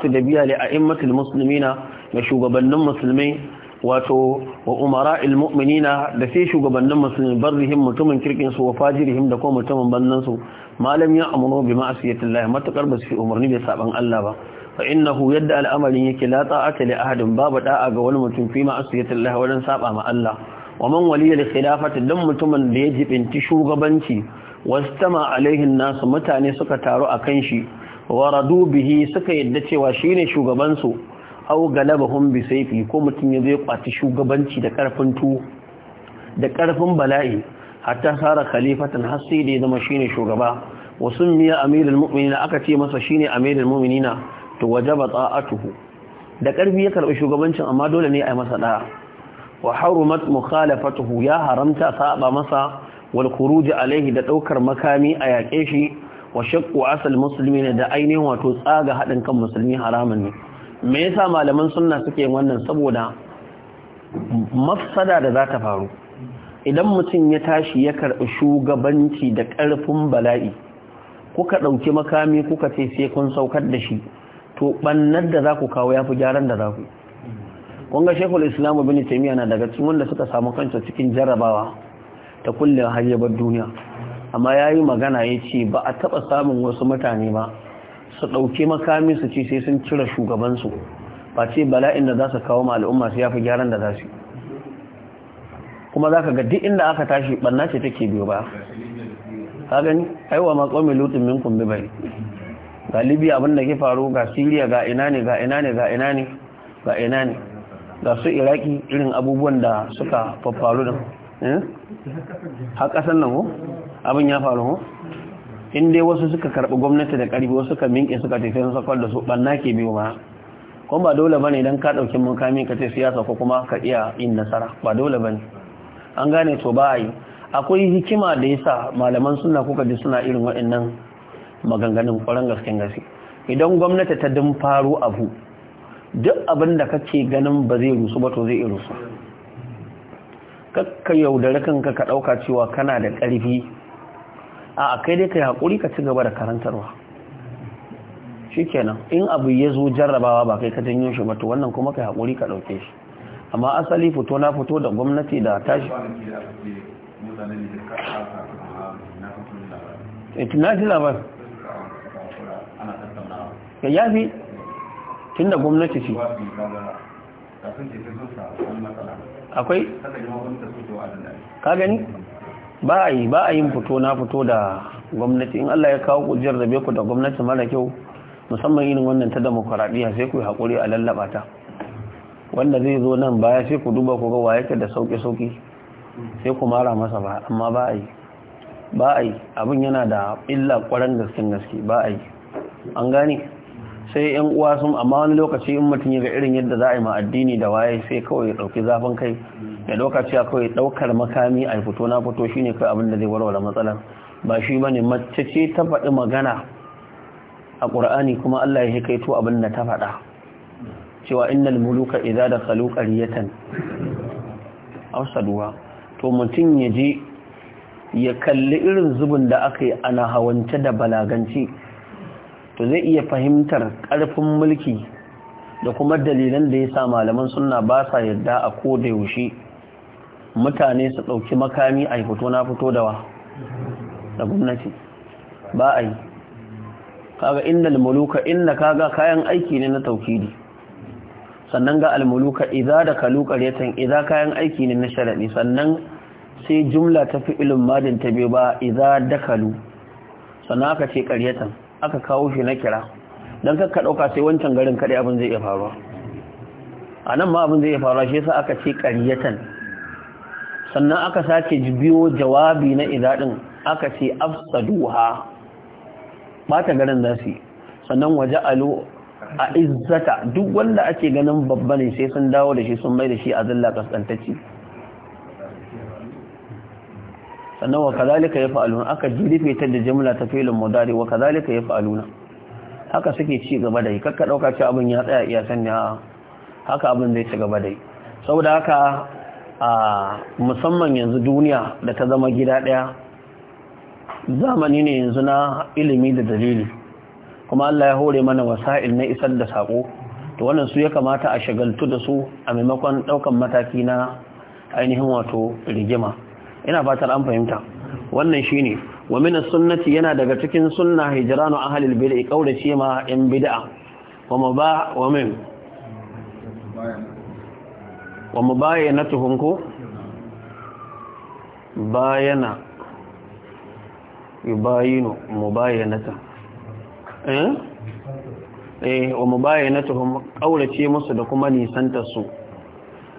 su da biya li a'immatul na da shugabannin musulmai wato wa umara na da sai shugabannin musulmi barrihim mutumin kirkin su wa fajirihim da kuma mutumin bannan su malam ya amuru bi ma'asiyatillah matakar ba su umarni da saban Allah ba fa innahu yadda al'amarin yake la ta'ata li ahadin babu da'a ga wani mutum fi ma'asiyatillah wajen saɓa ma Allah wa man waliya li khilafati dan mutumin da ya jibinci shugabanci wasu tama alaihin nasu mutane suka taru a kan shi waradu bihi suka yadda cewa shine shugabansu au galabahum bi sayfi ko mutum ya zai kwaci shugabanci da karfin tu da karfin bala'i hatta sara khalifatan har da ya zama shine shugaba wa miya amirul mu'minina aka ce masa shine amirul mu'minina to wajaba ta'atuhu da karfi ya karbi shugabancin amma dole ne a yi masa da'a wa harumat mukhalafatuhu ya haramta saba masa wal khuruj alaihi da daukar makami a yake shi wa shakku asal ne da ainihin wato tsaga haɗin kan musulmi haramun ne me yasa malaman sunna suke wannan saboda mafsada da za ta faru idan mutum ya tashi ya karɓi shugabanci da ƙarfin bala'i kuka ɗauki makami kuka ce sai kun saukar da shi to ɓannar da za ku kawo ya fi gyaran da za ku ƙunga shekul islamu bin taimiyya na daga cikin wanda suka samu kansa cikin jarrabawa ta kulle hajjabar duniya amma ya yi magana ya ce ba a taɓa samun wasu mutane ba su ɗauke makami su ce sai sun cire shugabansu ba ce bala'in da za su kawo ma al'umma su ya fi gyaran da za su kuma za ka ga duk inda aka tashi ɓanna ce take biyo ba ka gani aiwa ma ƙwame lutin minkun bi bai ga libya abin da ke faru ga siriya ga ina ne ga ina ne ga ina ne ga ina ne ga su iraki irin abubuwan da suka faffaru da eh? har nan ko abin ya faru ho in dai wasu suka karbi gwamnati da ƙarfi wasu suka minke suka tafi sun sakwar da su banna ke biyu ma kuma ba dole bane idan ka ɗauki mukami ka ce siyasa ko kuma ka iya yin nasara ba dole bane an gane to ba ai yi akwai hikima da yasa malaman suna kuka ji suna irin waɗannan maganganun ƙoran gasken gaske idan gwamnati ta dun faru abu duk abin da kake ganin ba zai rusu ba to zai rusu kakka yaudare kanka ka dauka cewa kana da ƙarfi a kai dai ka yi haƙuri ka ci gaba da karantarwa shi kenan in abu ya zo jarrabawa ba kai ka janyo shi ba to wannan kuma ka yi haƙuri ka ɗauke shi amma asali fito na fito da gwamnati da tashi eh, na ji labar ya yafi tun da gwamnati ce akwai ka gani ba a yi ba a yin fito na fito da gwamnati in Allah ya kawo ku da ku da gwamnati mara kyau musamman irin wannan ta demokuraɗiya sai ku yi haƙuri a lallaba ta wanda zai zo nan baya sai ku duba kuga ga wa yake da sauƙi sauƙi sai ku mara masa ba amma ba a yi ba a yi abin yana da illa ƙwarar gaskin gaske ba a yi an gane sai yan uwa sun amma wani lokaci in mutum ya ga irin yadda za a yi ma addini da waye sai kawai ya ɗauki zafin kai da lokaci cewa kawai daukar makami a fito na fito shi ne kawai abinda zai warware matsalar ba shi ba ne mace ce ta faɗi magana a ƙur'ani kuma Allah ya kai to abinda ta faɗa cewa innal muluka idza dakhalu qaryatan aw saduwa to mutum ya je ya kalli irin zubin da aka yi ana hawance da balaganci to zai iya fahimtar karfin mulki da kuma dalilan da ya sa malaman suna ba sa yadda a koda yaushe mutane su ɗauki makami a fito na fito da wa da gwamnati ba a yi kaga inda almuluka inda kaga kayan aiki ne na taukidi sannan ga almuluka iza da kalukar yatan iza kayan aiki ne na sharadi sannan sai jumla ta fi ilin madin ta bai ba iza da kalu sannan aka ce karyatan aka kawo shi na kira don kakka ɗauka sai wancan garin kaɗai abin zai iya faruwa a nan ma abin zai iya faruwa shi yasa aka ce karyatan sannan aka sake biyo jawabi na izadin aka ce afsaduha bata garin su sannan waje alo a izzata duk wanda ake ganin babba ne sai sun dawo da shi sun mai da shi a zilla kaskantacci sannan wa kazalika fa’aluna aka jirife ta da jimla ta filin mudari wa kazalika fa’aluna haka suke ci gaba da yi kakka ɗauka ce abin ya tsaya iya sanya haka abin zai ci gaba da yi da haka a musamman yanzu duniya da ta zama gida ɗaya zamani ne yanzu na ilimi da dalili kuma Allah ya hore mana wasa'il na isar da saƙo to wannan su ya kamata a shagaltu da su a maimakon ɗaukan mataki na ainihin wato rigima ina fatar an fahimta wannan shine wa min sunnati yana daga cikin sunna hijranu ahli bid'a kaurace ma yan bid'a wa mabah wa min wa mu bayyana tuhunku bayana yubayinu mu bayyanata eh eh wa mu bayyanatuhum aurace musu da kuma nisanta su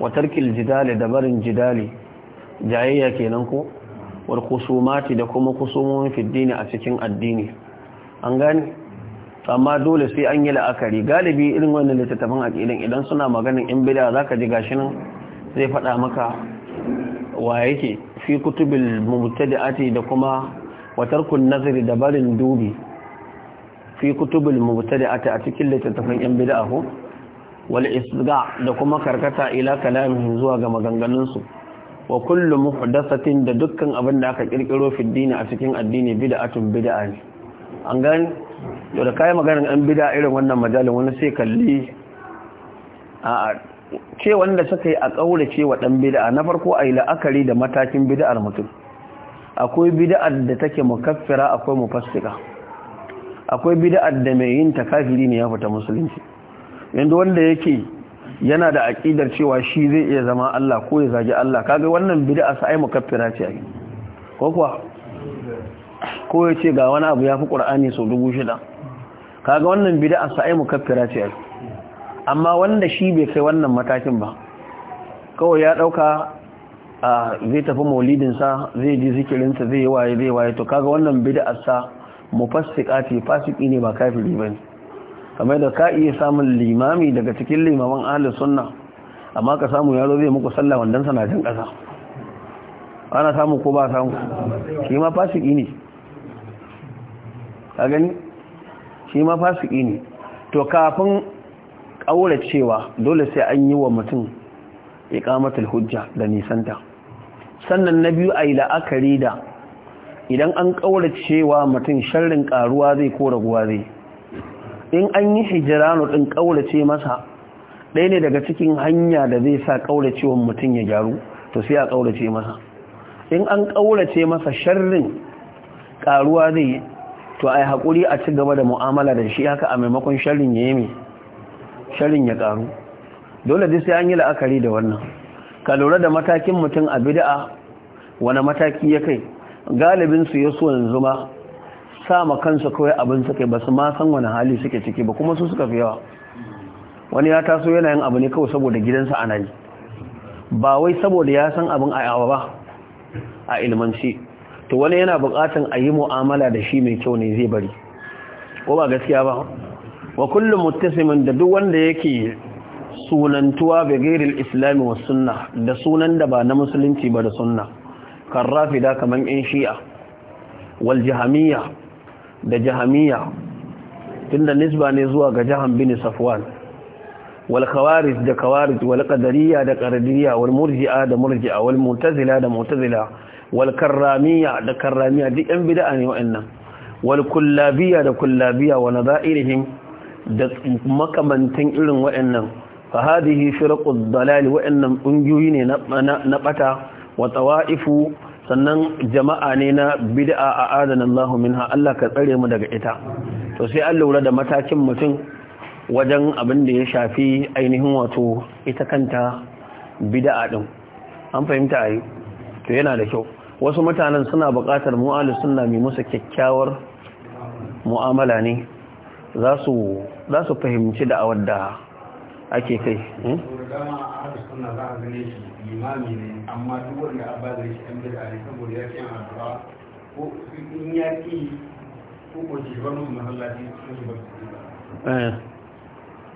wa tarkil jidali da barin jidali jayayya kenan ko wal khusumati da kuma kusumun fi dini a cikin addini an gani. amma dole sai an yi la'akari galibi irin wannan littattafan aqidan idan suna maganin in bid'a za ka ji gashi nan zai faɗa maka wa yake fi kutubin mubtadi'ati da kuma watarkun nazari da barin dubi fi kutubin da ati a cikin littattafan yan bid'a ko wal isga da kuma karkata ila kalamihim zuwa ga maganganunsu wa kullum da dukkan abin da aka kirkiro fi dini a cikin addini bid'atun bid'a ne an gani yau da kayan maganin an bida irin wannan majalin wani sai kalli a ce wanda suka yi a ƙaurace wa ɗan bid'a na farko a yi la'akari da matakin bida'ar mutum akwai bida'ar da take kaffira akwai mufassika akwai bida'ar da mai yin takafiri ne ya fita musulunci Yanzu wanda yake yana da aƙidar cewa shi zai iya zama Allah ko ya zagi Allah kaga wannan bida'a sai mukaffira ce ko kuwa ko ya ce ga wani abu ya fi ƙura'ani sau dubu shida kaga wannan bida'a a sa'ai mukaffira ce amma wanda shi bai kai wannan matakin ba kawai ya ɗauka a zai tafi maulidinsa zai ji zikirinsa zai yi waye zai waye to kaga wannan mu fasika ce fasiki ne ba kafiri ba ne kamar da ka iya samun limami daga cikin limaman ahalus sunna amma ka samu yaro zai muku sallah wandansa na jin ƙasa ana samu ko ba samu shi ma fasiki ne a gani shi ma fasiki ne to kafin ƙaura cewa dole sai an yi wa mutum iqamatul hujja da nisanta sannan na biyu ayi la'akari da idan an ƙaura cewa mutum sharrin ƙaruwa zai ko raguwa zai in an yi hijirano ɗin ƙaurace masa ɗaya ne daga cikin hanya da zai sa ƙauracewan mutum ya gyaru to sai a ƙaurace masa in an ƙaurace masa sharrin ƙaruwa zai to a yi haƙuri a ci gaba da mu'amala da shi haka a maimakon sharrin ya yi sharrin ya ƙaru dole duk sai an yi la'akari da wannan ka lura da matakin mutum a bida'a wani mataki ya kai galibin su ya yanzu sa ma kansu kawai abin suke ba su ma san wani hali suke ciki ba kuma su suka fi yawa wani ya taso yana yin abu ne kawai saboda gidansa a yi ba wai saboda ya san abin a yawa ba a ilmanci to wani yana bukatun a yi mu'amala da shi mai kyau ne zai bari ko ba gaskiya ba wa kullum muttasimin da duk wanda yake sunantuwa ga gairil islami wa sunna da sunan da ba na musulunci ba da sunna kan rafida kaman in shi'a wal jahamiyya da jahamiyya tunda nisba ne zuwa ga jahan bin safwan wal khawarij da khawarij wal qadariyya da qadariyya wal murji'a da murji'a wal mu'tazila da mu'tazila wal karramiyya da karramiyya duk yan bid'a ne wa'annan wal kullabiyya da kullabiyya wa nadairihim da makamantan irin wa'annan fa hadhihi firqud dalal wa'annan kungiyoyi ne na bata wa tawaifu sannan jama'a ne na bid'a a adanan Allah minha Allah ka tsare mu daga ita to sai an lura da matakin mutum wajen abin da ya shafi ainihin wato ita kanta bida'a din an fahimta ai to yana da kyau wasu mutanen suna buƙatar mu'alu sunna mai musu kyakkyawar mu'amala ne za su fahimci da awar da ake kai hmm? amma ko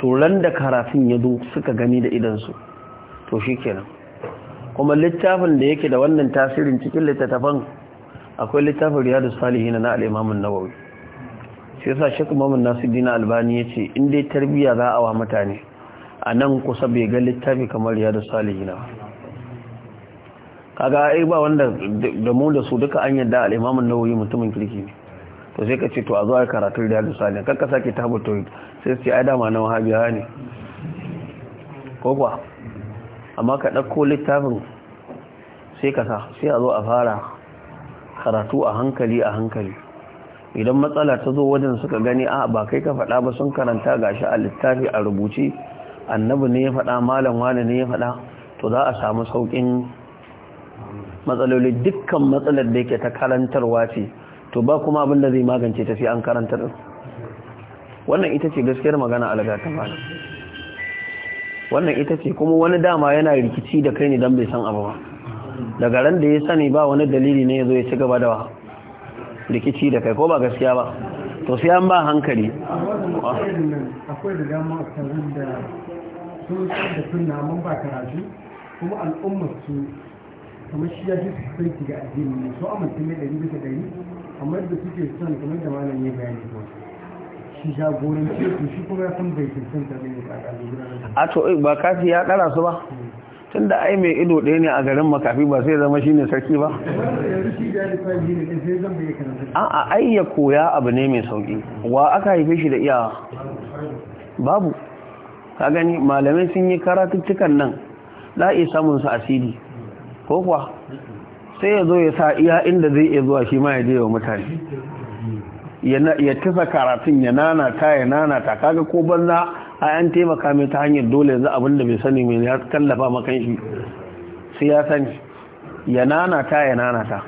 to ran da karafin ya zo suka gani da idansu to shi kenan kuma littafin da yake da wannan tasirin cikin littattafan akwai littafin riyadu salihin na al'imamun nawawi shi yasa mun nasu dina albani ya ce in dai tarbiyya za a wa mutane a nan kusa bai ga littafi kamar riyadu salihin kaga ai ba wanda da mu da su duka an yadda al'imamun nawawi mutumin kirki ne to sai ka ce to a zuwa karatun da yadda ne kakka sake tabar tauhid sai su ce ai dama na wahabiya ne ko kuwa amma ka ɗauko littafin sai ka sa sai a zo a fara karatu a hankali a hankali idan matsala ta zo wajen suka gani a ba kai ka faɗa ba sun karanta shi a littafi a rubuce annabi ne ya faɗa malam wani ne ya faɗa to za a samu sauƙin matsaloli dukkan matsalar da yake ta karantarwa ce to ba kuma abin da zai magance tafi an karanta din wannan ita ce gaskiyar magana alaga ba bana wannan ita ce kuma wani dama yana rikici da kai ne don bai san abu ba daga ran da ya sani ba wani dalili ne ya zo ya ci gaba da rikici da kai ko ba gaskiya ba to sai an ba hankali akwai da dama a da sun da sunna mun ba karatu kuma al'ummar su kamar shi ya ji su sai ga addini ne so amince mai ɗari bisa ɗari kamar da suke son kamar da malam ya bayani ko shi su shi kuma ya san bai da a to eh, ba kafi ya kara su ba tun da ai mai ido ɗaya ne a garin makafi ba sai zama shi ne sarki ba a ai ya koya abu ne mai sauki wa aka haife shi da iyawa babu ka gani malamai sun yi karatuttukan nan za a iya samun su asiri ko kuwa sai ya zo ya sa iya inda zai iya zuwa shi ma ya je wa mutane ya tafa karatun ya nanata ya nanata kaga ko banza a an taimaka mai ta hanyar dole yanzu abin da bai sani mai ya tallafa makan shi sai ya sani ya nanata ya nanata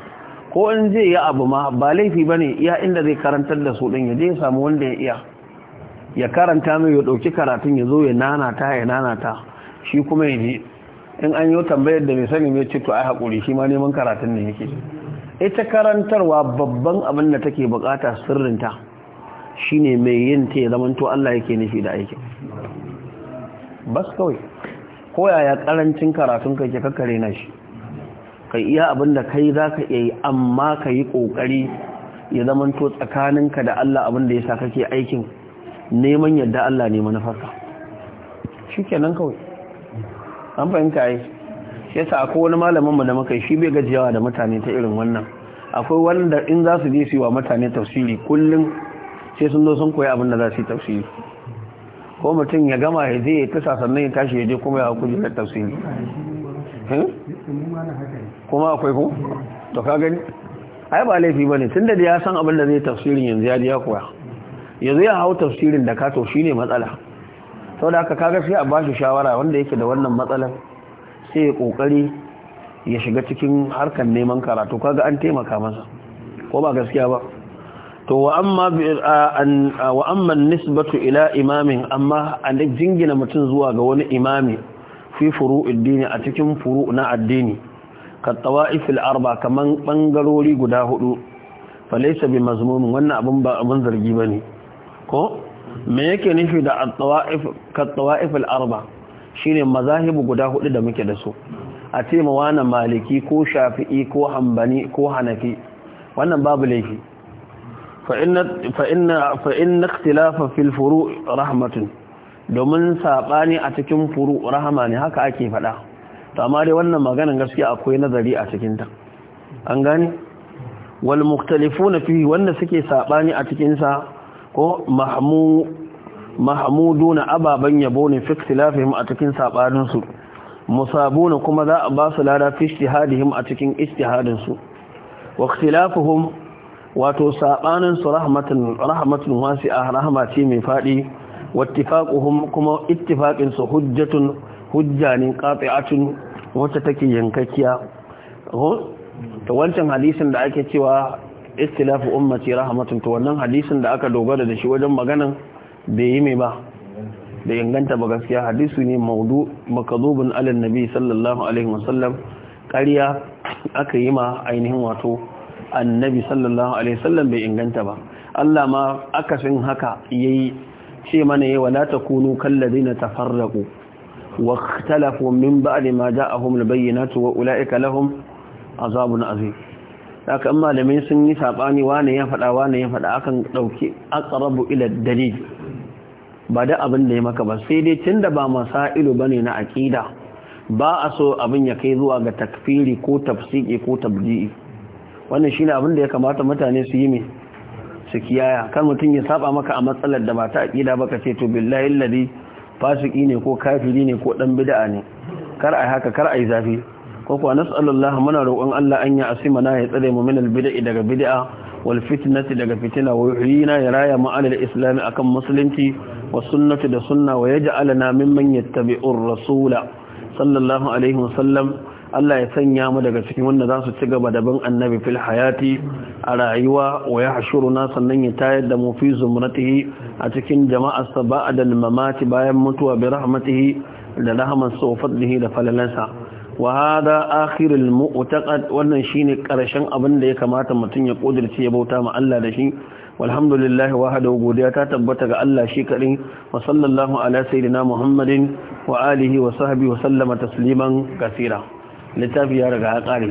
ko in zai yi abu ma ba laifi ba ne iya inda zai karantar da su din ya je ya samu wanda ya iya ya karanta mai ya ɗauki karatun ya zo ya nanata ya nanata shi kuma ya je in an yi tambayar da mai sani mai ce to ai haƙuri shi ma neman karatun ne yake ita karantarwa babban abin da take bukata sirrinta shine mai yin ta ya zamanto Allah yake nufi da aikin bas kawai ko yaya karancin karatun kake kakkare na shi kai iya abin da kai za ka iya yi amma ka yi ƙoƙari ya zamanto tsakaninka da Allah abin da ya sa kake aikin neman yadda Allah ne manufarka shi kenan kawai an fahimta yi shi yasa akwai wani malamin mu da muka shi bai gajiyawa da mutane ta irin wannan akwai wanda in za su je su yi wa mutane tafsiri kullum sai sun zo sun koyi abin da za su yi tafsiri ko mutum ya gama ya je ya tasa sannan ya tashi ya je kuma ya hakuri da tafsiri hmm? kuma akwai ku to ka gani ai ba laifi bane tun da ya san abin da zai tafsirin yanzu ya ji ya koya yanzu ya hau tafsirin da ka to shine matsala sau da aka kaga sai a ba shi shawara wanda yake da wannan matsalar sai ya kokari ya shiga cikin harkar neman karatu kaga an taimaka masa ko ba gaskiya ba to wa amma nisbatu ila imamin amma an jingina mutum zuwa ga wani imami fi furu addini a cikin furu' na addini ka tawa'ifil arba kaman bangarori guda hudu falaisa bi mazmumin wannan abun ba abun zargi bane ko me yake nufi da at-tawa'if al-arba shine mazahibu guda hudu da muke da su a ce ma wani maliki ko shafi'i ko hanbani ko hanafi wannan babu laifi fa inna ikhtilafa fil furu rahmatun domin sabani a cikin furu rahma ne haka ake to amma dai wannan maganar gaskiya akwai nazari a cikinta an gani wal muktalifu fi wanda suke sabani a cikinsa ko na ababen yabo ne fi tilafihim a cikin musabu musabuna kuma za a ba su lada fi shihadihim a cikin istihadinsu wa wato saɓaninsu rahmatun wasi wasi'a rahma ce mai faɗi wattifaquhum kuma ittifaqinsu hujjatun hujja ne qati'atun wacce take yankakkiya to wancan hadisin da ake cewa istilafu ummati rahmatun to wannan hadisin da aka dogara da shi wajen maganan bai yi mai ba da inganta ba gaskiya hadisu ne maudu makadubun alal nabi sallallahu alaihi wasallam ƙarya aka yi ma ainihin wato annabi sallallahu alaihi wasallam bai inganta ba Allah ma akasin haka yayi ce mana yayi wala takunu kallazina tafarraqu واختلفوا من بعد ما جاءهم البينات وأولئك لهم عذاب عظيم haka an malamai sun yi saɓani wane ya faɗa wane ya faɗa akan ɗauki aqrabu ila dalil ba da abin da ya maka ba sai dai tunda ba masailu ne na aqida ba a so abin ya kai zuwa ga takfiri ko tafsiki ko tabdi'i wannan shine abin da ya kamata mutane su yi mai su kiyaya kan mutum ya saba maka a matsalar da ba ta aqida ba ka ce to billahi ladi fasiki ne ko kafiri ne ko dan bid'a ne kar ai haka kar a yi zafi ko kuwa nas'alullah muna roƙon Allah an ya asima na ya tsare mu min albid'i daga bid'a wal fitnati daga fitina wa yuhyina ya raya mu alal islam akan musulunci wa sunnati da sunna wa yaj'alana mimman yattabi'ur rasula sallallahu alaihi wa sallam Allah ya sanya mu daga cikin wanda za su ci gaba da bin annabi fil hayati a rayuwa wa ya na sannan ya tayar da mu fi zumratihi a cikin jama'ar sa ba'da al mamati bayan mutuwa bi rahmatihi da rahman sa wa fadlihi da falalansa wa hada akhirul mu'taqad wannan shine karshen abin da ya kamata mutun ya kudirce ya bauta ma Allah da shi walhamdulillah wahdahu godiya ta tabbata ga Allah shi kadai wa sallallahu ala sayidina muhammadin wa alihi wa sahbihi wa sallama tasliman kaseera littafi ya riga ya kare